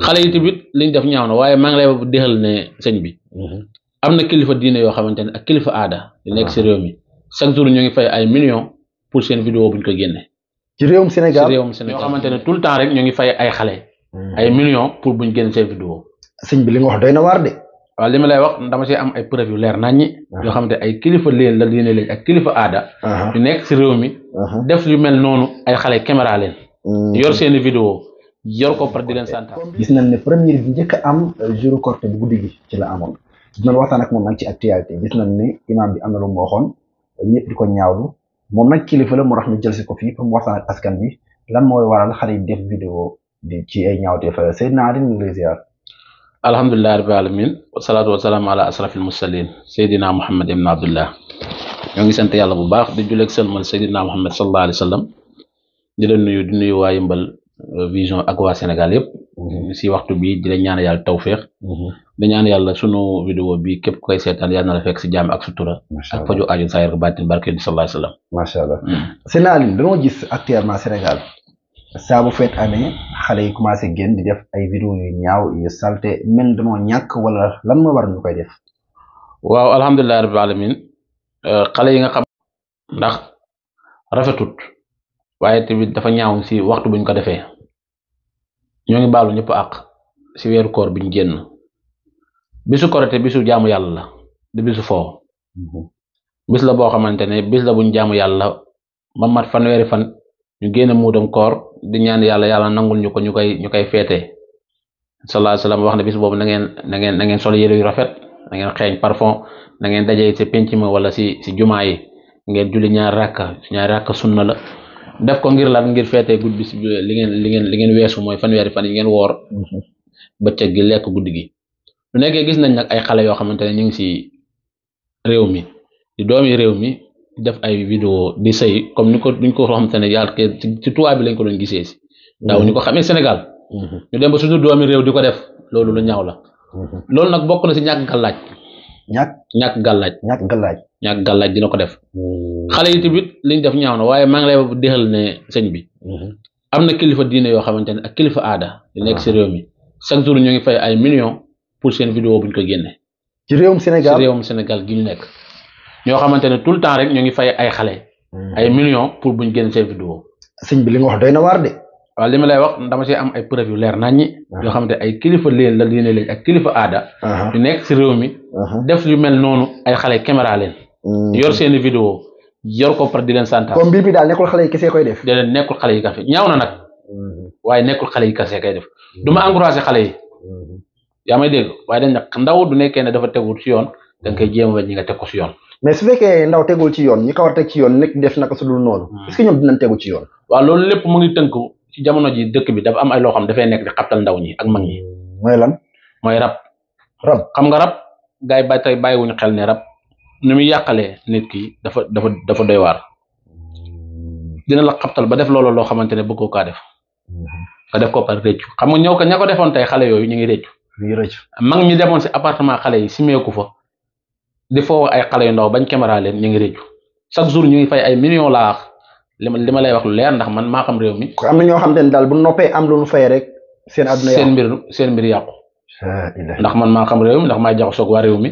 xale yi tamit liñ def ñaaw na waaye maa ngi lay dexal ne sëñ bi mhm. am na kilifa diine yoo xamante ne ak kilifa aada di nekk si réew mi chaque jour ñu ngi fay ay millions pour seen vidéo buñ ko génne ci réewum Sénégal ci réewum yoo xamante ne tout le temps rek ñu ngi fay ay xale mhm. ay millions pour buñ génne seen vidéo sëñ bi li nga wax doy na waar de waaw li ma lay wax dama see am ay preuve leer naññi yoo xamante ay kilifa leen la diine leen ak kilifa aada ñu nekk si réew mi def lu mel noonu ay xale caméra leen mhm. yor seeni vidéo yor ko par di leen sant. gis nañ ne première bi njëkk a am euh, jour corte bu guddi gi ci la amoon gis waxtaan ak moom nag ci actualité gis nañ ni imaam bi am na lu mu waxoon di ko ñaawlu moom nag kilifa la moo tax ñu jël si ko fi pour mu waxtaan ak askan bi lan mooy waral xale yi def vidéo di ci ay ñaawte fa Seydina Ali ñu ngi lay ziar. alhamdulilah rabbil alamin wasalaatu wasalaamu ala asrafil Seydina Muhammad ibn Abdullah ñoo ngi sant yàlla bu baax di julleeg sëlmal Seydina Muhammad sallallahu alayhi wa sallam di Euh, vision ak waa Sénégal yëpp. Mhm. si waxtu bi di la ñaan yàlla tawféex. Mhm. di yàlla sunu vidéo bi képp koy seetaan yàlla na la fekk si jàmm ak sutura. ak faju aajo saa yor baatin barke bi sallallahu alayhi wa sallam. allah mm. sëñ Aline dañoo gis actuellement Sénégal saa bu feet amee xale yi commencé génn di def ay vidéo yu ñaaw yu salté mel dañoo ñàkk wala lan moo war ñu koy def. waaw alhamdulilah rabbil alamin euh, xale yi nga xam ndax rafetut. waaye tamit dafa ñaaw si waxtu buñ ko defee ñoo ngi baalu ñëpp àq si weeru koor biñ génn bisu korite bisu jaamu yàlla la di bisu foo mhm. bis la boo xamante ne bis la buñ jaamu yàlla ba mat fanweeri fan ñu génn muudam koor di ñaan yàlla yàlla nangul ñu ko ñu koy ñu koy feete sallallahu alayhi wasallam wax ne bis boobu na ngeen na ngeen na ngeen sol yére yu rafet na ngeen xeeñ parfum na ngeen daje ci penc ma wala si si jumaa yi ngeen julli ñaar rakka ñaari rakka sunna la def ko ngir lan ngir feete guddi bis li ngeen li ngeen li ngeen weesu mooy fanweeri fan yi ngeen woor mhm. bëccëg gi lekk guddi gi lu nekkee gis nañ nag ay xale yoo xamante ne ñu ngi si réew mi di doomi réew mi def ay vidéo di sëy comme ni ko duñ ko xamante ne yàlla ci tubaab bi lañ ko doon gisee si daaw ñu ko xamee Sénégal mhm. ñu dem ba suñu doomi réew di ko def loolu lu ñaaw la mhm. loolu nag bokk na si ñàkk laaj ñàkk ñàkk gàllaaj ñàkk gàllaaj ñàkk dina ko def hmm. xale yi tamit liñ def ñaaw na waaye maa ngi lay dexal ne sëñ bi hmm. am na kilifa diine yoo xamante ne ak kilifa aada di nekk si ah. réew mi chaque jour ñoo ngi fay ay million pour seen vidéo buñ ko génne ci réewum Sénégal ci Sénégal gi ñu nekk ñoo xamante ne tout le temps rek ñoo ngi fay ay xale hmm. ay million pour buñ génne seen vidéo sëñ bi li nga doy na waar de waaw li ma lay wax dama ci am ay preuve yu leer naññi uh-huh. yoo xam ne ay kilifa leen la diine kilifa aada uh-huh. nekk si réew mi uh-huh. def lu mel noonu ay xale caméra mm-hmm. yor seeni vidéo yor ko par di leen santaas comme mbir bi daal nekkul xale yi kese koy def déedéet nekkul xale yi kese ñaaw na nag mm-hmm. waaye nekkul xale yi kese koy def mm-hmm. du ma encouragé xale yi yaa may dégg waaye dañ nag ndaw du nekkee ne dafa tegul ci yoon da koy jéem a ñi nga teg ko ci yoon mais su fekkee ndaw tegul ci yoon ñi ko war teg ci yoon nekk def naka su dul noonu mm. est-ce ñoom dinañ tegu ci yoon waaw ci jamono ji dëkk bi dafa am ay loo xam dafay nekk di xabtal ndaw ñi ak mag ñi. mooy lan mooy rab. rab xam nga rab gars yi ba tey bàyyiwuñu xel ne rab ni muy yàqalee nit ki dafa dafa dafa doy waar dina la xabtal ba def loolu loo xamante ne bëggoo kaa def mm-hmm. nga def ko par réccu xam nga ñëw ko ña ko defoon tey xale yooyu ñu ngi réccu. ñu ngi réccu mag ñi demoon si appartement xale yi simeeku fa di foo ay xale yu ndaw bañ caméra leen ñu ngi réccu chaque jour ñu ngi fay ay millions laax. li ma li lay wax lu leer ndax man maa xam réew mi. am na ñoo xam te ne daal bu noppee am lu nu fay rek. seen àdduna yàqu seen mbir seen mbir yàqu. ndax man maa xam réew mi ndax maa jaxasoo ak waa réew mi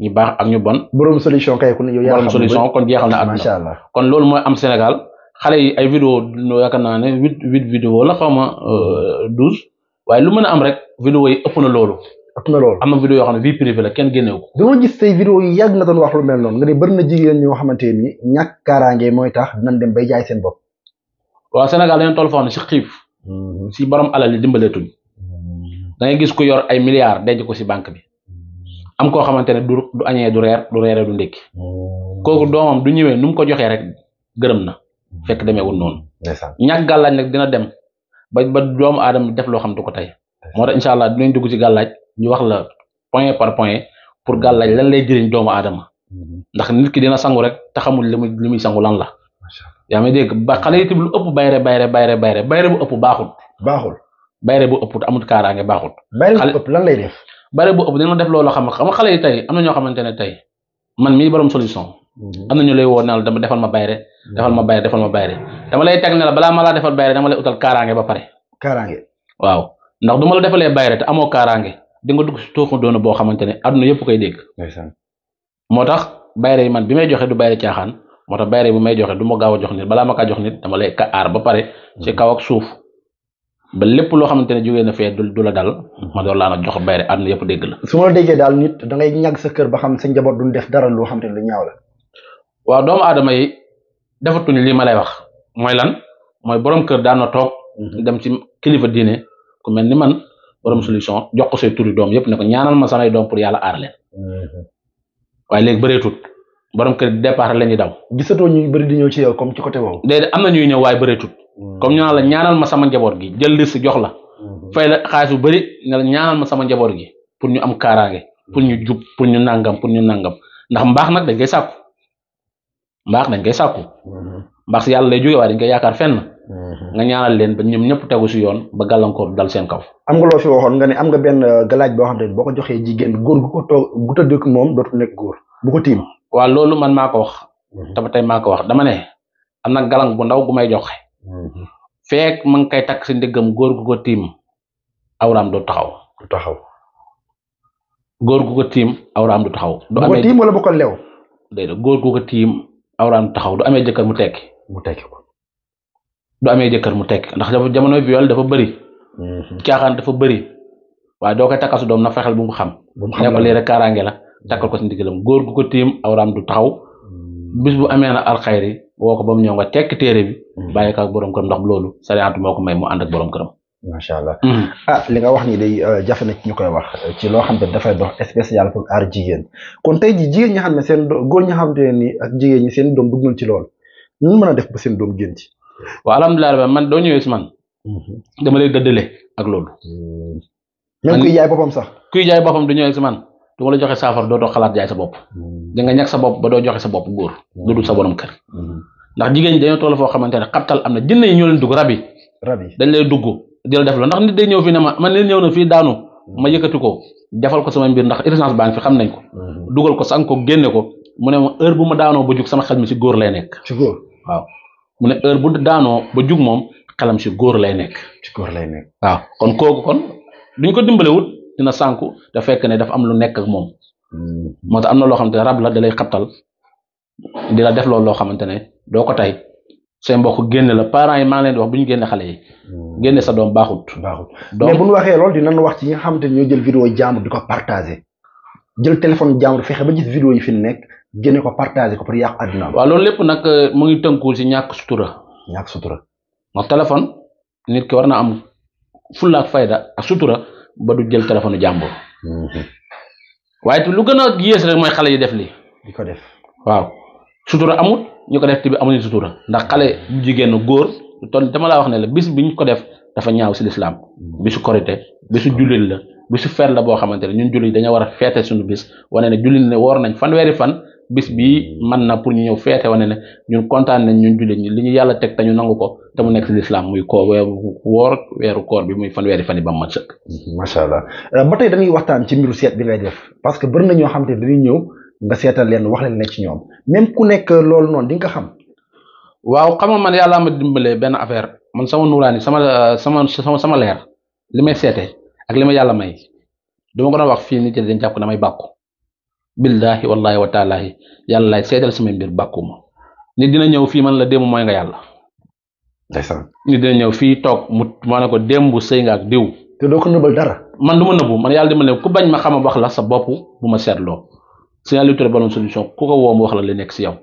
ñu baax ak ñu bon. borom solution kay ku ne yow yaa borom solution kon jeexal na àdduna kon loolu mooy am Sénégal xale yi ay vidéo yaakaar naa ne huit huit vidéo la xaw ma euh, douze waaye lu mën a am rek vidéo yi ëpp na loolu. ëpp na loolu am na vidéo yoo xam ne vie privée la kenn wax lu mel noonu nga ne bëri jigéen ñoo xamante ni kaaraange mooy tax dinañ dem bay jaay seen bopp waaw Sénégal dañu toll foo xam si xiif mm-hmm. si borom alal yi dimbaleetuñ mm-hmm. da gis ku yor ay milliards denc ko si banque bi mm-hmm. am koo xamante ne du du añee du reer du reeree du ndékki kooku doomam du ñëwee nu mu ko joxee rek gërëm na fekk demeewul noonu ñàkk gàllaaj nag dina dem ba ba doomu aadama def loo xam du ko tey moo tax incha allah dinañ dugg ci gàllaaj ñu wax la point par point pour gàllaaj lan lay jëriñ doomu aadama mhm. ndax nit ki dina sangu rek te xamul li muy muy sangu lan la yaa ngi dégg ba xale itam lu ëpp bayre bayre bayre bayre bayre ba ëpp baaxul baaxul bayre bu ëpp amul kaaraange baaxul bayre bu ëpp lan lay def bayre bu ëpp dina def loolu xam xam xale yi tey am na ñoo xamante ne tey man mi borom solution mhm. am na ñu lay woo naan dama defal ma bayre defal ma bayre defal ma bayre dama lay teg ne la balaa ma laa defal bayre dama lay utal kaaraange ba pare kaaraange waaw ndax du ma la defalee bayre te di nga dugg si tuuxu doona boo xamante ne àdduna yëpp koy dégg. du bayre caaxaan moo tax bayre bu may joxe du ma gaaw a jox nit balaa ma kaa jox nit dama ka ba pare ci kaw ak ba lépp loo xamante ne jógee na fee du la dal ma door laa nag jox bayre àdduna yëpp dégg la. su da ngay ñag sa kër ba xam sa njaboot duñ def dara loo xam te ne lu ñaaw la. waaw doomu aadama yi defatuñu lii ma lay wax mooy lan mooy borom kër daan na toog. Mhm. dem ci kilifa diine ku mel ni man borom solution jox ko say turi ko ñaanal ma samay doom pour yàlla aar leen mhm. waaye léegi la ñuy daw. gisatoo ñuy di ñëw ci yow comme ci côté boobu. am na ñuy ñëw waaye bëreetut. Mhm. comme ñu la ñaanal ma sama njaboot gi jël liste jox la. Mhm. fay la xaalis bu bëri ne ñaanal ma sama njaboot gi pour ñu am kaaraange pour ñu jub pour ñu nangam pour ñu nangam ndax mbaax nag dañ koy sàkku mbaax dañ koy sàkku mbaax si yàlla lay jógee waaye dañ koy yaakaar fenn Mhm. nga ñaanal leen ba ñoom ñëpp tegu si yoon ba gàllankoor dal seen kaw. am nga loo fi waxoon nga ne am nga benn uh, galaaj boo xam ne boo ko joxee jigéen góor gu ko toog gu tëdd moom dootu nekk góor bu ko tiim. waaw loolu man maa ko wax. Mhm. te ba tey maa ko wax dama ne am na galang bu ndaw gu may joxe. Mhm. feek ma ngi koy takk si ndiggam góor gu ko tiim awraam du taxaw. du taxaw góor gu ko tiim awraam taxaw. du amee bu taxaw du amee jëkkër mu tekki. mu tekki du amee jëkkër mu tekk ndax jamono viol dafa bëri mhm. caaxaan dafa bëri waaye doo koy takkal su doom na fexeel bu mu xam ne ko lii rek kaaraange la takkal ko si ndigalam góor gu ko tiim awraam du taxaw mhm. bis bu amee na alxayri woo ko ba ñëw nga tekk téere bi mhm. bàyyi ak borom këram ndax loolu sariyaatu moo may mu ànd ak borom këram macha allah ah, li nga wax nii day euh, jafe na ñu koy wax ci loo xam ne dafay dox spécial pour jigéen kon tey ji jigéen ñi xam ne seen góor ñi xam ne ni ak jigéen ñi seen doom dugg nañ ci lool ñu mën a def ba seen doom génn ci waaw alhamdulilah rabbi man doo ñëwee si man mhm. dama lay dëddale ak loolu. Mm. même kuy jaay boppam sax. kuy jaay boppam du ñëwee si man du ma la joxe saafara dootoo xalaat jaay sa bopp mm. da nga ñàkk sa bopp ba doo joxe sa bopp góor mm. lu dul sa borom kër ndax jigéen ñi dañoo toll foo xamante ne xabtal am na jënd ñoo leen dugg rab yi. dañ lay dugg di la def la ndax nit day ñëw fi ne ma man nit ñëw na fii daanu ma yëkkati ko defal ko sama mbir ndax urgence baa fi xam nañ ko. Mm-hmm. dugal ko sang ko génne ko mu ne ma eur bu ma daanoo ba jug sama xel mi si góor lay nekk. ci góor waaw. mu ne heure bu daanoo ba jug moom xelam si góor lay nekk. ci lay nekk waaw kon kooku kon duñ ko dimbalewut dina sànku te fekk ne dafa am lu nekk moom. Mm-hmm. moo tax am na loo xamante ne rab la da lay xabtal di la def lool loo xamante ne doo ko tey say mbokk génne la parent yi maa ngi leen di wax bu ñu génnee xale yi. Mm-hmm. génne sa doom baaxut. baaxut mais bu ñu waxee loolu dinañ wax ci ñi nga xamante ne ñoo jël vidéo yi di ko partagé jël téléphone jàmbur fexe ba gis vidéo yi fi nekk. génne ko partagé pour yàq àdduna waaw loolu lépp nag euh, mu ngi tënkuwul si ñàkk sutura. ñàkk sutura. ndax téléphone nit ki war na am fulla fayda ak sutura ba du jël téléphone jàmbur. Mhm. waaye lu gën a yées rek mooy xale yi def li di ko def waaw sutura amut ñu ko def te bi amuñu sutura ndax xale bu jigéen góor ton dama laa wax ne la bis bi ñu ko def dafa ñaaw si lislaam mhm. bisu korite bisu jullit la bisu feet la boo xamante ne ñun jullit dañoo war a feete suñu bis wane ne jullit ne woor nañ fanweeri fan. bis bii man mm. na pour ñu ñëw feete wane ne ñun kontaan nañ ñun jullit ñi li ñu yàlla teg te nangu ko te mu nekk si lislaam muy koo weeru woor weeru koor bi muy fan weeri fan yi ba ma sëkk. Mm-hmm. macha allah euh, ba tey dañuy waxtaan ci mbiru seet bi may def parce que bëri na ñoo xam te dañuy ñëw nga seetal leen wax leen ne ci ñoom même ku nekk loolu noonu di nga xam. waaw xam nga man yàlla ma dimbalee benn affaire man sama nuuraani sama euh, sama sama sama leer li may seete ak li ma yàlla may dama ko wax fii nit ñi dañ jàpp damay bàkku billaahi wallaahi wa taalaahi yàlla laay seetal samay mbir bàkkuma nit dina ñëw fii man la démb mooy nga yàlla. ndeysaan nit dina ñëw fii toog mu ma ne ko démb sëy nga ak diw. te doo ko nëbbal dara. man du ma nëbbu man yàlla dama ne ku bañ ma xam wax la sa bopp bu ma seetloo Serigne ba Touré solution ku ko woo mu wax la li nekk si yow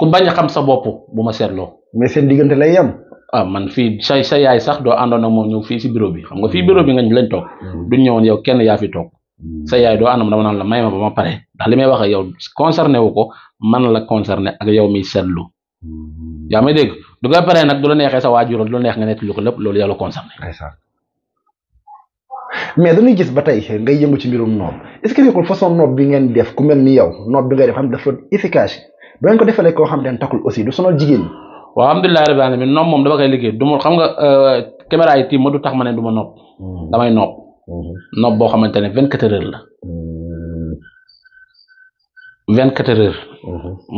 ku bañ a xam sa bopp bu ma seetloo. mais seen diggante lay yem. ah man fii sa sa yaay sax doo àndoon ak moom ñëw fii si biro bi xam nga fii bureau bi nga lañ toog. Mm. duñ ñëwoon yow kenn yaa fi toog. Hmm. sa yaay doo anam dama naan la may ma ba ma pare ndax li may wax ak yow concerné wu ko man la concerné ak yow miy lu hmm. yaa may dégg du nga paree nag du la neexee sa waajur du la neex nga nekk lu ko lépp loolu yow la concerné. mais dañuy gis ba tey ngay yëngu ci mbirum noob est-ce que nekkul bi ngeen def ku mel ni yow noob bi ngay dafa efficace ba ngeen ko defalee koo xam ne takkul aussi du sonal jigéen ñi. waaw alhamdulilah rabbil alamin noob moom dama koy liggéey du ma xam nga euh, caméra yi tiim ma du tax ma n du ma noob hmm. damay noob. Mhm. nopp boo xamante ne vingt quatre heures la mhm. vingt quatre heures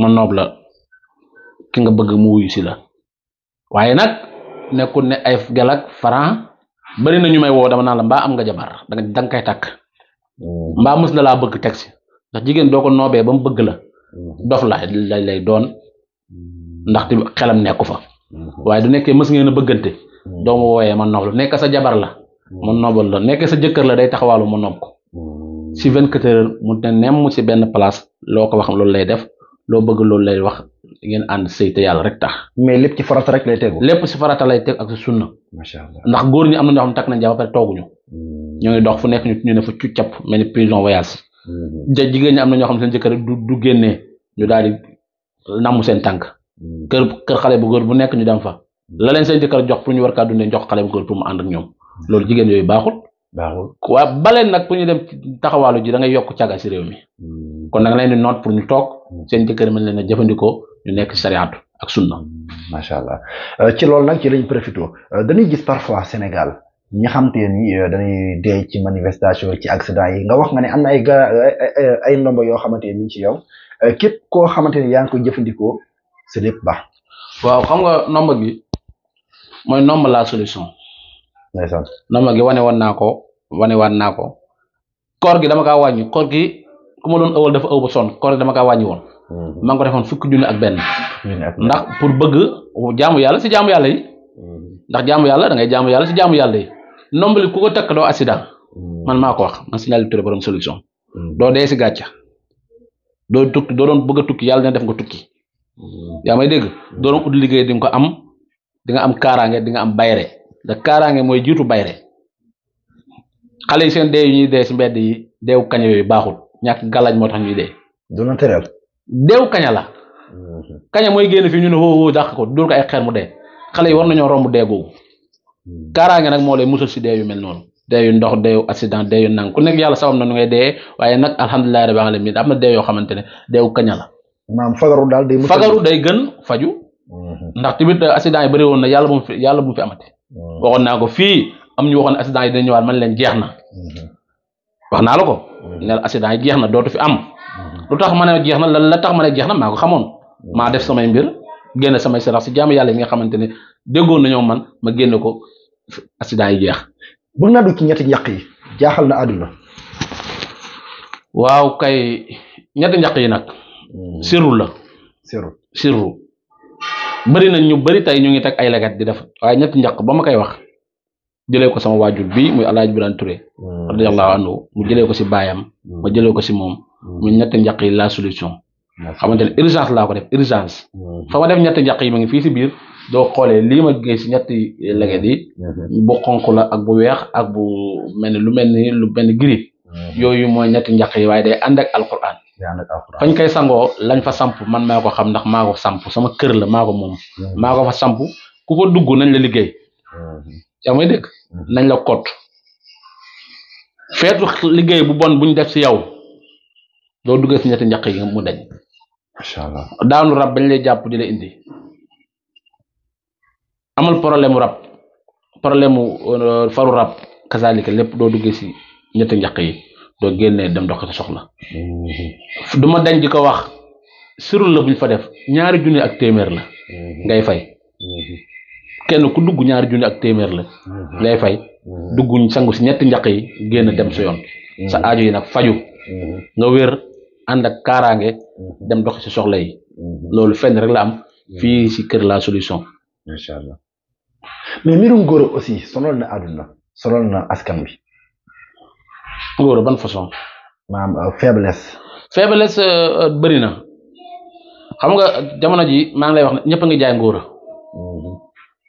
ma mhm. noob la ki nga bëgg mu wuyu si la waaye nag nekkul ne ay galak franc bari na ñu may woo dama naa la mbaa am nga jabar danga danga koy takk mbaa mës na laa bëgg teg si ndax jigéen doo ko noobee ba mu bëgg la dof la lay lay doon ndaxte xelam nekku fa waaye du nekkee mës ngeen a bëggante doo wooyee ma noob la nekk sa jabar la Hmm. mu nobal la nekk sa jëkkër la day taxawaalu mu nob ko hmm. si vingt quatre heures mu ne nemm si benn place loo ko wax loolu lay def loo bëgg loolu lay wax ngeen ànd sëy yàlla rek tax. mais lépp ci farata rek lay tegu. lépp si farata lay teg ak su sunna. macha ndax góor ñi am na ñoo xam ne takk nañ jabar ba pare tooguñu. Hmm. ñoo ngi dox fu nekk ñu ne fa cuccap mel ni prison voyage. ja jigéen ñi am na ñoo xam ne seen jëkkër du du génnee ñu daal di namm seen tànk. kër kër xale bu góor bu ñu dem fa. la jox pour ñu war kaa dundee jox mu ànd ak ñoom. loolu jigéen yooyu baaxul. baaxul waa baleen nag pour ñu dem taxawaalu ji da ngay yokk caga si réew mi. Hmm. kon da nga leen noot pour ñu toog hmm. seen jëkkër mën leen a jëfandikoo ñu nekk sariyaatu ak sunna. Hmm. macha allah euh, ci loolu nag ci lañ profité euh, dañuy gis parfois Sénégal ñi xam te ni euh, dañuy dee ci manifestation ci accident yi nga wax nga ne am na ay ga ay ndombo yoo xamante ni ci yow képp koo xamante ni yaa ngi koy jëfandikoo c'est lépp baax. waaw xam nga nombre bi mooy nombre la solution. ndeysaan normal gi wane woon naa ko wane waat naa ko koor gi dama kaa wàññi koor gi ku ma doon ëwal dafa ëw ba sonn koor dama kaa wàññi woon mhm. maa ngi ko defoon fukki junni ak benn ndax pour bëgg jaamu yàlla si jaamu yàlla yi mhm. ndax jaamu yàlla da ngay jaamu yàlla si jaamu yàlla yi nombali ku ko doo accident mhm. man maa ko wax man signal Touré solution doo dee si gàcca doo tukki doo doon bëgga tukki yàlla dina def nga tukki yaa may dégg doo doon ut liggéey di ko am di nga am kaaraange di nga am bayre da kaaraange mooy jiitu bayre xale yi seen dee yu ñuy dee si mbedd yi deewu kaña yooyu baaxul ñàkk galaaj moo tax ñuy dee. du na tereel. deewu kaña la. Mhm. kaña mooy génn fii ñu ay xeer mu dee xale yi war nañoo romb dee googu mhm. nag moo lay musal si yu mel noonu. dee ndox dee yu accident dee yu yàlla sawam na nu ngay dee waaye nag alhamdulilah yoo xamante ne deewu kaña la. fagaru day. gën faju. Mhm. ndax tamit accident yi bëri woon na yàlla bu mu fi yàlla bu mu fi amate waxoon naa ko fii am ñu waxoon accident yi dina ñëwaat man leen jeex na mm-hmm. wax naa la ko mm-hmm. ne accident yi jeex na dootu fi am mm-hmm. lu tax ma ne jeex na lan la tax ma ne jeex na maa ko xamoon maa def samay mbir génne samay sarax si jaamu yàlla yi nga xamante ne déggoon nañoo man ma génne ko assida yi jeex bu naa du ci ñetti ñaq yi jaaxal na àdduna waaw kay ñetti ñaq yi nag sirru la sirru sirru bëri nañ ñu bëri tey ñu ngi teg ay leget di def waaye ñetti njaq ba ma koy wax jëlee ko sama waajur bi muy alaaj Birane Touré hmm. radiyallahu anhu mu jële ko si baayam hmm. ma jëlee ko si moom mu hmm. ñetti njaq yi la solution xamante ne urgence laa ko def urgence fa ma def ñetti njaq yi ma ngi fii si biir doo xoolee lii ma gis si ñetti leget yi bu xonq la ak bu weex ak bu mel ni lu mel ni lu mel ni gris yooyu mooy ñetti njaq yi waaye day ànd ak alquran fañ koy sangoo lañ fa samp man maa ko xam ndax maako samp sama kër la maako moom mm-hmm. maako fa samp ku fa dugg nañ la liggéey mm-hmm. yaa may mm-hmm. nañ la kot feetu liggéey bu bon buñ def si yow doo duggee si ñetti njaq yi mu dañ macha allah daanu rab bañ lay jàpp di la indi amul problème mu rab problème mu euh, faru rab kasaalika lépp doo duggee si ñetti njaq yi doo génnee dem dox ko soxla mhm. du ma dañ di ko wax surul la buñ fa def ñaari junni ak téeméer la mhm. ngay fay mhm. kenn ku dugg ñaari junni ak téeméer la ngay fay dugguñ sangu si ñetti njaq yi génn dem sa yoon sa aajo yi nag faju nga wér ànd ak kaaraange dem dox si soxla yi loolu fenn rek la am fii si kër la solution incha allah mais mbirum góor aussi sonal na àdduna sonal na askan wi ngóor ban façon. Euh, faiblesse. faiblesse euh, euh, bëri na xam nga jamono ji maa ngi lay wax ne ñëpp a ngi jaay ngóor mm-hmm.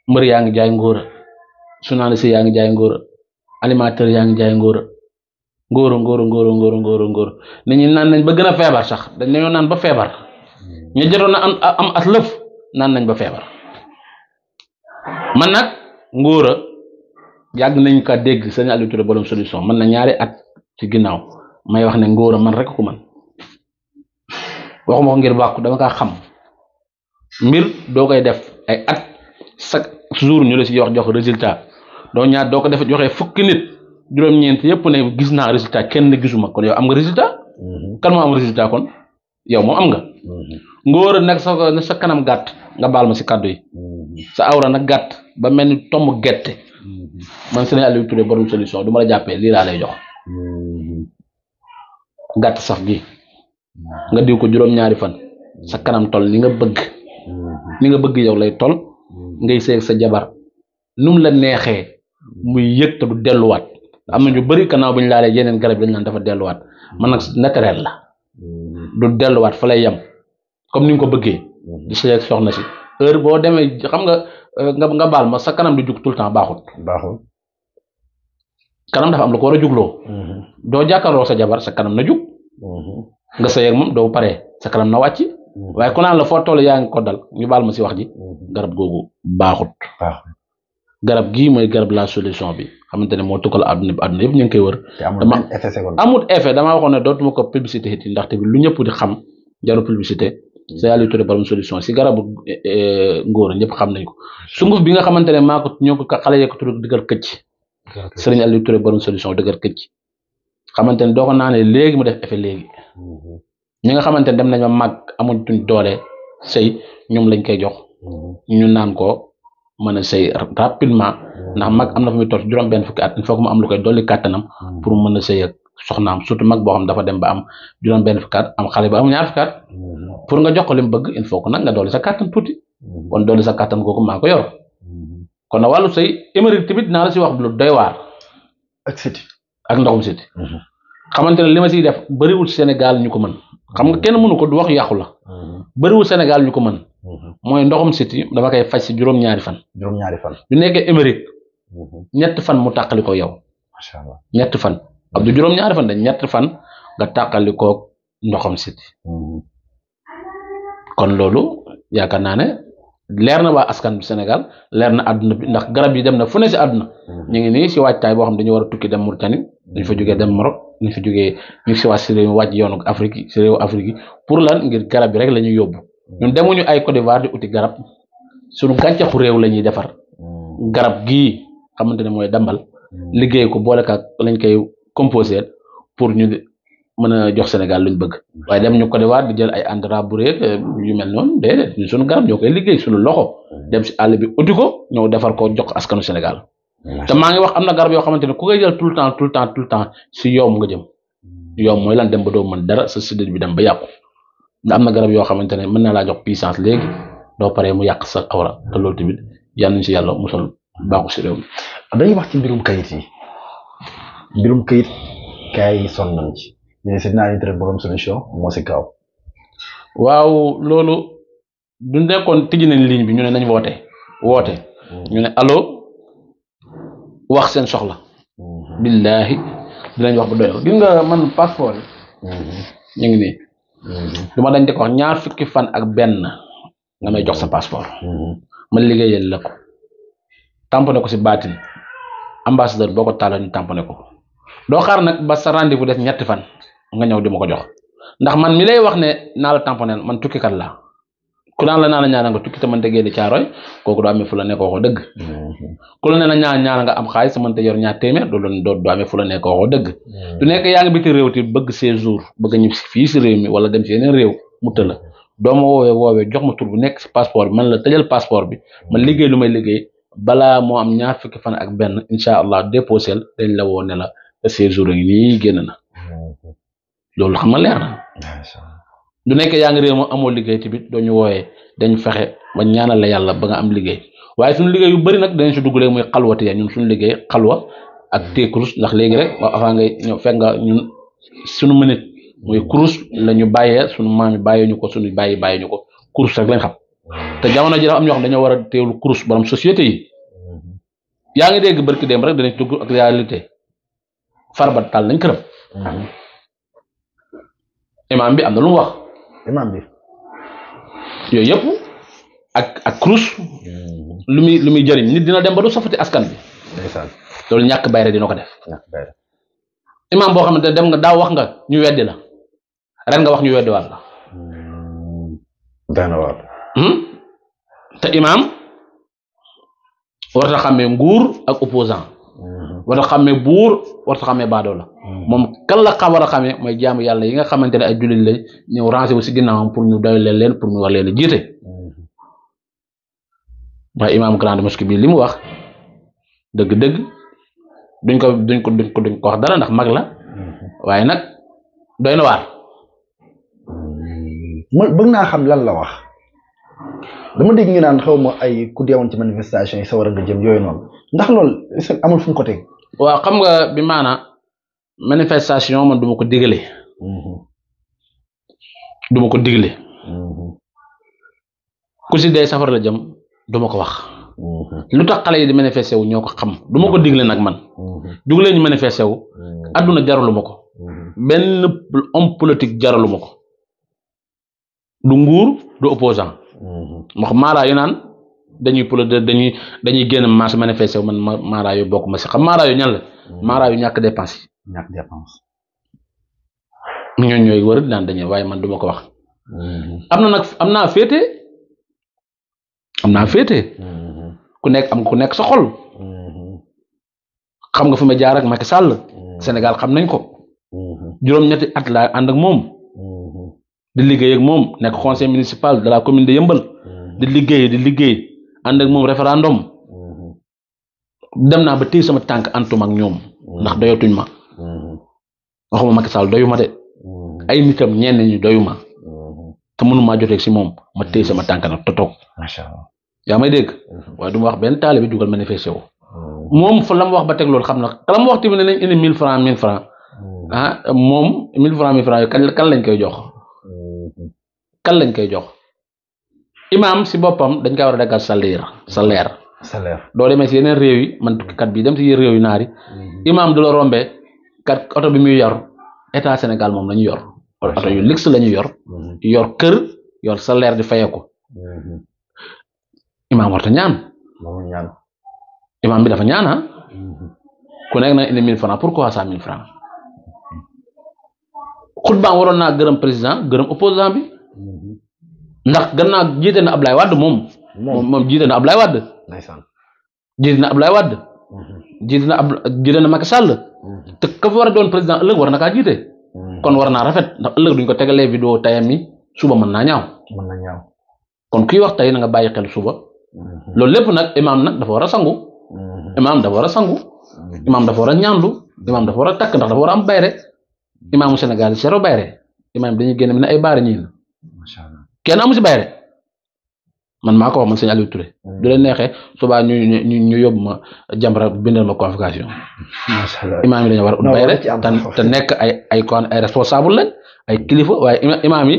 mbër yaa ngi jaay ngóor journaliste yaa ngi jaay ngóor animateur yaa ngi jaay ngóor ngóor ngóor ngóor ngóor ngóor naan nañ ba gën a feebar sax dañ dañoo naan ba feebar mm-hmm. ñu jotoon na am at lëf naan nañ ba feebar man nag ngóor yàgg nañ ko dégg sëñ Aliou Touré borom na ñaari at. ci ginnaaw may wax ne a man rek ko man waxuma ko ngir bàkku dama ka xam mbir doo koy def ay at chaque jour ñu la si jox jox résultat doo ñaar doo ko def joxe fukki nit juróom-ñeent yëpp ne gis naa résultat kenn gisuma kon yow am nga résultat mhm. kan moo am résultat kon yow moom am nga mhm. ngóora nag sa sa kanam gàtt nga baal ma si kàddu yi mhm. sa awra nag gàtt ba mel ni tomb gerte man Serigne Aliou Touré borom solution du ma la jàppee lii laa lay jox Mm-hmm. gàtt saf gi mm-hmm. nga diw ko juróom-ñaari fan sa mm-hmm. kanam tol ni nga bëgg ni nga bëgg yow lay tol ngay seeg sa jabar num la neexee muy yëg ta du delluwaat am na ñu bëri kanaaw bu ñu laalee yeneen garab yi dañ naan dafa delluwaat man nag naturel la du delluwaat fa lay yem comme ni ko bëggee di seeg soxna si heure boo demee xam nga euh, nga nga baal ma sa kanam di jug tout le baaxut kanam dafa am lu ko war a jugloo mm-hmm. doo jàkkaarloo sa jabar sa kanam na jug mm-hmm. nga sëy ak moom doo paree sa kanam na wàcc mm-hmm. waaye ku naan la foo toll yaa ngi ko dal ñu baal ma si wax ji garab googu baaxut garab gii mooy garab la solution bi xamante ne moo tukkal àdduna bi àdduna yëpp ñu ngi koy wër dama amul effet damaa waxoon ne dootuma ko publicité it ndaxte bi lu ñëpp di xam jaru publicité sa yàlla turé borom solution si garabu eh, eh, ngóor ñëpp xam nañ ko sunguf bi nga xamante ne maa ñoo ko xale yee ko tudd këcc Serigne Aliou Touré borom solution dëgër këcc xamante ne doxoon naa ne léegi mu def effet léegi mm-hmm. ñi nga xamante ne dem nañ ba màgg amuñ tuñ doole sëy ñoom lañ koy jox mm-hmm. ñu naan ko mën a sëy rapidement mm-hmm. ndax mag am na fa muy toll juróom benn fukki at il faut mu am lu koy dolli kàttanam pour mën a sëy ak soxnaam surtout mag boo xam dafa dem ba am juróom benn fukki at am xale ba am ñaar fukki pour nga jox ko li mu bëgg il faut que nga dolli sa kàttan tuuti kon dolli sa kàttan kooku maa ko yor kon na wàllu sëy émérite tamit naa la si wax lu doy waar. ak siti ak ndoxum siti mhm. xamante ne li ma siy def bëriwul Sénégal ñu ko mën xam nga mhm. kenn mënu ko du wax yàqu la mhm. bëriwul Sénégal ñu ko mën mooy ndoxum siti dama koy faj si juróom-ñaari fan. juróom-ñaari fan bu nekkee émérite ñett fan mu tàqali ko yow. macha fan ab du juróom-ñaari fan de ñett fan nga tàqali koog ndoxum siti kon loolu yaakaar naa ne. leer na waa askan bi Sénégal leer na àdduna bi ndax garab yi dem na fu ne si àdduna mhm. ñu ngi nii si waajtaay boo xam dañu war a tukki dem Mauritanie dañu fa jógee dem Maroc dañu fa jógee ñu ngi si waat si réew wàcc yoonu Afrique yi si réewu Afrique yi pour lan ngir garab yi rek la ñuy yóbbu ñun demuñu ay Côte d'Ivoire di uti garab suñu gàncaxu réew la ñuy defar mhm. garab gii xamante ne mooy dambal mhm. liggéey ko boole ka lañ koy composé pour ñu mën a jox Sénégal luñ bëgg waaye dem ñu ko dewaat di jël ay Andra Buré euh, yu mel noonu déedéet ñu suñu garab ñoo koy liggéey suñu loxo dem si àll bi uti ko ñëw defar ko jox askanu Sénégal te maa ngi wax am na garab yoo xamante ne ku koy jël tout le temps tout le temps tout le yoom hmm. mooy lan dem ba doo mën dara sa sidit bi dem ba yàqu am na garab yoo xamante ne mën na laa jox puissance léegi doo paree mu yàq sa awra te loolu tamit yal nañ si yàlla musal baaxu si réew mi dañuy wax ci mbirum kayit yi mbirum kayit mais Seydina Aliou Touré borom solution moo si kaw. waaw loolu du nekkoon tijji nañ ligne bi ñu ne nañ woote woote. Mm. ñu ne allo wax seen soxla. Mm-hmm. billahi dinañ wax bu doyoo gis nga man passeport yi. Mm-hmm. ñu ngi nii. Mm-hmm. du ma dañ di ñaar fukki fan ak benn nga may jox sa passeport. ma liggéeyal la ko. si baatin ambassadeur boo ko taaloo ñu tamponné doo xaar ba sa rendez-vous def ñetti fan. nga ñëw di ma ko jox ndax man mi lay wax ne naa la tamponel man tukkikat laa ku naan la naa la ñaana nga tukki te man te génn caaroy kooku doo amee fu la dëgg ku la ne la ñaan ñaan nga am xaalis man te yor ñaar téeméer doo doon doo amee fu la nekk waxoo dëgg hmm. du nekk yaa ngi biti réew ti bëgg séjour bëgg ñib si si réew mi wala dem si yeneen réew mu tëla doo ma woowee jox ma tur bu nekk si passeport bi man la tëjal passeport bi man liggéey lu may liggéey balaa moo am ñaar fukki fan ak benn incha allah déposé dañ la woo la séjour a ngi nii génn na hmm. loolu xam nga leer na du nekk yaa ngi réew ma amoo liggéey tamit doo ñu wooyee dañ fexe ba ñaanal la yàlla ba nga am liggéey waaye suñu liggéey bari nag dañu si dugg léegi muy xalwati ya ñun suñu liggéey xalwa ak hmm. tée ndax léegi rek ba avant ngay ñëw fekk nga ñun suñu mënit muy kurus la bàyyee suñu maam yi bàyyee ñu ko suñu bàyyi bàyyee ñu ko kurus rek lañ xam hmm. te jamono ji dafa am ñoo xam dañoo war a teewlu kurus borom société yi hmm. yaa ngi dégg barki dem rek danañ dugg ak réalité farba taal nañ këram imaam bi am na lu wax. imaam bi. yooyu yëpp ak ak kurus. Hmm. lu muy lu muy jëriñ nit dina dem ba du safati askan bi. loolu ñàkk bayre dina ko def. imaam boo xam ne dem nga daaw wax nga ñu weddi la ren nga wax ñu weddi hmm. waat la. dana waat. te imaam nguur ak opposant hmm. war xam xàmmee buur war a xàmmee baadoo la hmm. moom kan xam war a xamee mooy jaamu yàlla yi nga xamante ne ay jullit lañ ñëw rangé wu si ginnaawam pour ñu doy leen leen pour ñu war leen a jiite waaye hmm. imaam grande mosquée bi li mu wax dëgg-dëgg duñ ko duñ ko duñ ko duñ ko wax dara ndax mag la hmm. waaye nag doy na waar man bëgg naa xam lan la wax dama dégg ñu naan xaw ma ay ku deewoon ci manifestation yi sa war a nga jëm yooyu noonu ndax loolu amul fu mu ko teg waaw xam nga bi maana manifestation man duma ko digale duma ko digle ku si dee safara la jëm duma ko wax lu tax xale yi di manifesté wu ñoo ko xam duma ko digle nag man juglee ñu manifesté wu adduna jaralu ma ko benn homme politique jaralu ma ko du nguur du opposant max maara yu dañuy plodé dañuy dañuy génn marche manifester man ma maaraayu bokk ma si xam maaraayu ñan la maaraayu mm. ñàkk dépense yi ñàkk dépense ñooñu ñooy wër daan dañuy waaye man duma ko wax mm-hmm. am na nag am naa féete am naa féete mm-hmm. ku nekk am ku nekk sa mm-hmm. xam nga fu ma jaar ma Macky Sall Sénégal xam nañ ko juróom-ñetti at laa ànd ak moom di liggéey ak moom nekk conseil municipal de la commune de Yëmbal di liggéey di liggéey ànd ak moom référendum mhm. dem naa ba téye sama tànk antum ñoom mhm. ndax doyatuñ ma mhm. waxuma ma Sall doyu ma de ay nitam ñenn ñu doyu ma te mënu maa joteeg si moom ma téye sama tànk na totoog macha yaa may dégg waaye du ma wax benn taalibe bi jugal manifesté wu moom fa la wax ba teg lool xam na la mu wax tamit ne nañ indi mille francs mille francs kan ah, kan lañ koy jox kan lañ koy jox imaam si boppam dañ kaa war a daggal salaire salaire salaire doo demee si réew yi man tukkikat bi dem si réew yu naari mhm. imaam du la kat oto bi muy yor état Sénégal moom lañu yor oto yu luxe lañu ñu yor mhm. yor kër yor salaire di fayeku mhm. imaam warta ñaan imaam bi dafa ñaan ah. ku nekk na indi mille francs pourquoi cent mille francs xutbaam waroon gërëm président gërëm opposant bi ndax gannaaw jiite na Ablaye Wade moom. moom moom jiite na Ablaye Wade. ndeysaan jiite na Ablaye Wade. Mhm. jiite na ab jiite na Macky Sall. Mhm. te ka fa war a doon président ëllëg war na kaa jiite. Mhm. kon war naa rafet ndax ëllëg duñ ko tegalee vidéo tayam yi suba mën naa ñaaw. mën naa ñaaw kon kuy wax tey na nga bàyyi xel suba. loolu lépp na imaam nag dafa war a sangu. imaam dafa war a sangu. imaam dafa war a ñaanlu. imaam dafa war a takk ndax dafa war a am bayre imaamu Sénégal zéro bayre imaam dañuy génn ne ay baara ñii kenn amu si bayre man maa ko wax man sëñ Aliou Touré mm. du leen neexee subaa ñu ñu ma jàmbara bindal ma convocation. macha allah imaam yi dañoo war a ut bayre te nekk ay ay kon ay responsable lañ ay kilifa waaye imaam yi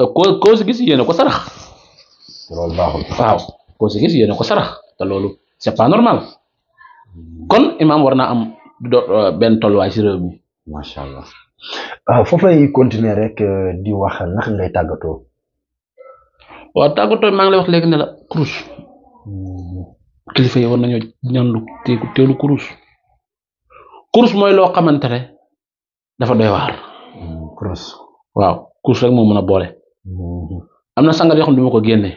euh, gis yéene ko sarax. loolu baaxul ko sarax te loolu c'est pas normal kon imaam war am euh, benn tolluwaay si réew mi. macha allah euh, continuer rek di wax naka ngay tàggatoo. waaw tàggatoo maa ngi lay wax léegi ne la kurus kilifa war nañoo ñaan lu teelu kurus kurus mooy loo xamante ne dafa doy waar. waaw kurus rek moo mën a boole. am na sangat yo xam ne du ko génne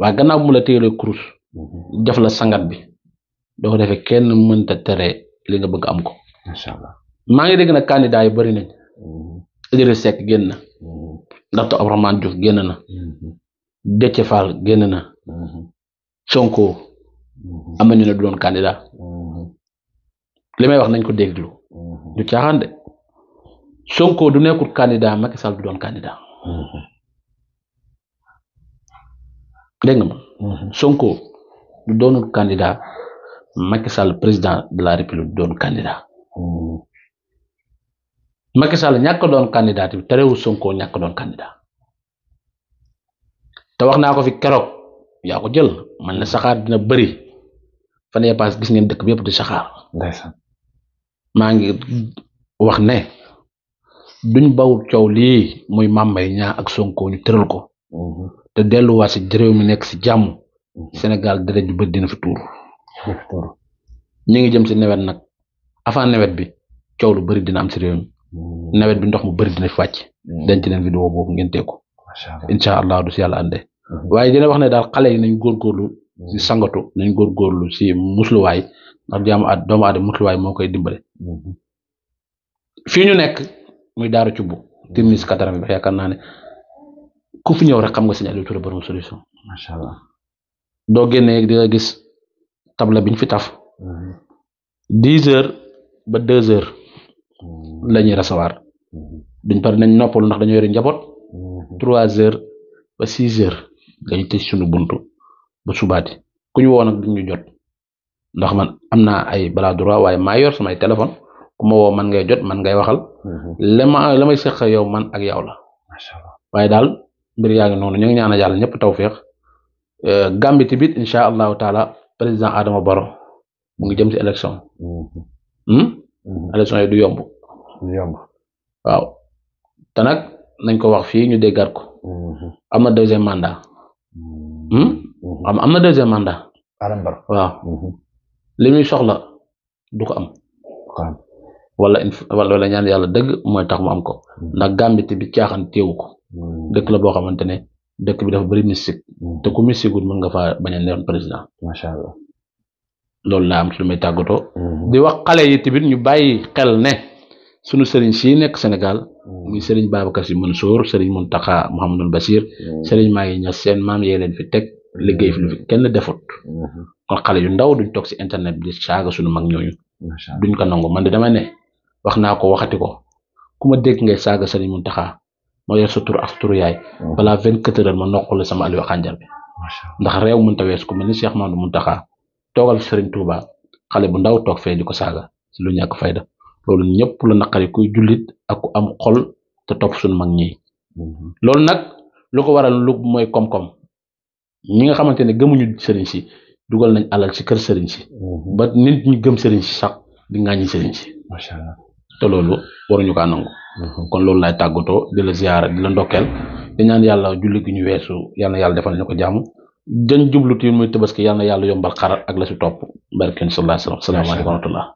waaye gannaaw bu mu la teelee kurus def la sangat bi doo ko defee kenn mënta tere li nga bëgg am ko. maa ngi dégg nag candidat yi bari nañ. Mm-hmm. Idrissa Seck génn na. Mm-hmm. ndaxte Abdourahmane Diouf génn na mhm. Déthié Fall génn na mhm. Sonko mhm. am na ñu ne du doon candidat li may wax nañ ko déglu du caaxaan de Sonko du nekkul candidat Macky Sall du doon candidat dégg Sonko du doonul candidat Macky Sall président de la République du doon candidat Macky Sall ñàkk doon candidat bi terewul Sonko ñàkk doon candidat te wax naa ko fi keroog yaa ko jël man la saxaar dina bari fan yee gis ngeen dëkk bi yëpp di saxaar. ndeysaan maa ngi wax ne duñ bawul coow lii muy mambay ñaa ak Sonko ñu tëral ko. Mhm. te delluwaat si réew mi nekk ci jàmm. Mhm. Sénégal dara ju bëri dina fi tuur. ñu ngi jëm si nawet nag avant nawet bi coow lu bari dina am si réew mi. Mm. nawet bi ndox mu bëri dina fi wàcc. Mm. denc leen vidéo boobu ngeen teg ko. incha allah du si yàlla àndee. Mm-hmm. waaye dina wax daal xale yi nañ góorgóorlu mm. si sangatu nañ góorgóorlu si musluwaay ndax jaamu at doomu aadama musluwaay moo koy dimbale. Mm-hmm. fi ñu nekk muy daaru cubb timis kataram bi yaakaar naa ne ku fi ñëw xam nga sëñ Aliou Touré borom solution. doo génnee di nga gis fi taf. Mm-hmm. dix ba deux heures. la ñuy recevoir mm-hmm. duñ pare nañ noppalu ndax dañoo yore njaboot mm-hmm. trois heures ba six heures dañuy tëj suñu buntu ba subaati ku ñu woo nag duñ ñu ndax man am naa ay bras waaye maa yor samay téléphone ku ma woo man ngay jot man ngay waxal mm-hmm. la ma la may seq yow man ak yow la waaye daal mbir yaa ngi noonu ñu ngi ñaanal yàlla ñëpp tawféex euh, Gàmbi tamit incha allahu taala président Adama Baro mu ngi jëm si élection hmm? élection du yomb yomb waaw te nag nañ ko wax fii ñu déggaat ko mhm. am na deuxième mandat mhm. Hmm? Mhm. am am na deuxième manda waaw li muy soxla du ko am wala wala ñaan yàlla dëgg mooy tax mu am ko ndax gàmbit bi caaxaan teewu ko dëkk la boo xamante ne dëkk bi dafa bari mystique te ku mystique mën nga faa bañ a neewoon président macha allah loolu laa di wax xale yi ñu bàyyi xel ne sunu sëriñ sii nekk Sénégal mm. muy sëriñ Babacar Sy Mansour sëriñ Mountakha Mouhamadou Bachir mm. sëriñ maa ngi ñas seen maam yee leen fi teg mm. liggéey fi lu fi kenn defut mm-hmm. kon xale yu ndaw duñ toog si internet bi di saaga sunu mag ñooñu duñ ko nangu man de dama ne wax naa ko waxati ko ku ma dégg ngay saaga sëriñ Mountakha ma mooy sa tur ak mm-hmm. balaa vingt quatre ma noqule sama Aliou Xànjar bi ndax réew mënta wees ku mel ni Cheikh Mamadou Mountakha toogal fi sëriñ Touba xale bu ndaw toog fee di ko saaga lu ñàkk fayda loolu ñëpp la naqari kuy jullit ak ku am xol te topp suñ mag ñi mhm. loolu nag lu ko waral lu mooy koom-koom ñi nga xamante ne gëmuñu sëriñ si dugal nañ alal ci kër sëriñ si mhm. ba nit ñu gëm sëriñ si sax di ŋàññi sëriñ si macha te loolu waruñu kaa nangu mhm. kon loolu laay tàggatoo di la ziyaara di la ndokkeel di ñaan yàlla julli gi ñu weesu yal na yàlla defal ñu ko jàmm dañ jublu ti muy tabaski yal na yàlla yombal xar ak la si topp barkeen sallallahu alayhi wa sallam salaamaaleykum wa